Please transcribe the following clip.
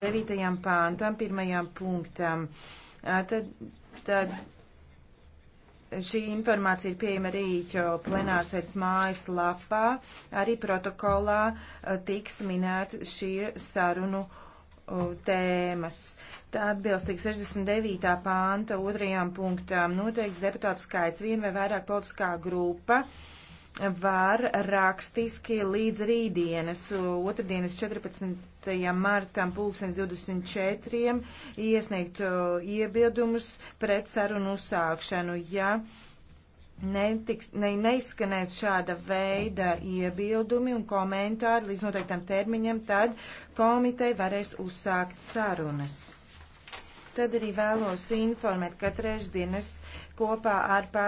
9. pāntam, 1. punktam. Tad, tad šī informācija ir pieejama arī plenārsēdes mājas lapā. Arī protokolā tiks minēts šie sarunu tēmas. Tā atbilstīgi 69. pānta otrajām punktām noteikts deputātu skaits vien vai vairāk politiskā grupa. Uh, var rakstiski līdz rītdienas, otrdienas 14. martam 2024 iesniegt uh, iebildumus pret sarunu uzsākšanu, ja netiks, ne, neizskanēs šāda veida iebildumi un komentāri līdz noteiktam termiņam, tad komiteja varēs uzsākt sarunas. Tad arī vēlos informēt, ka trešdienas kopā ar pār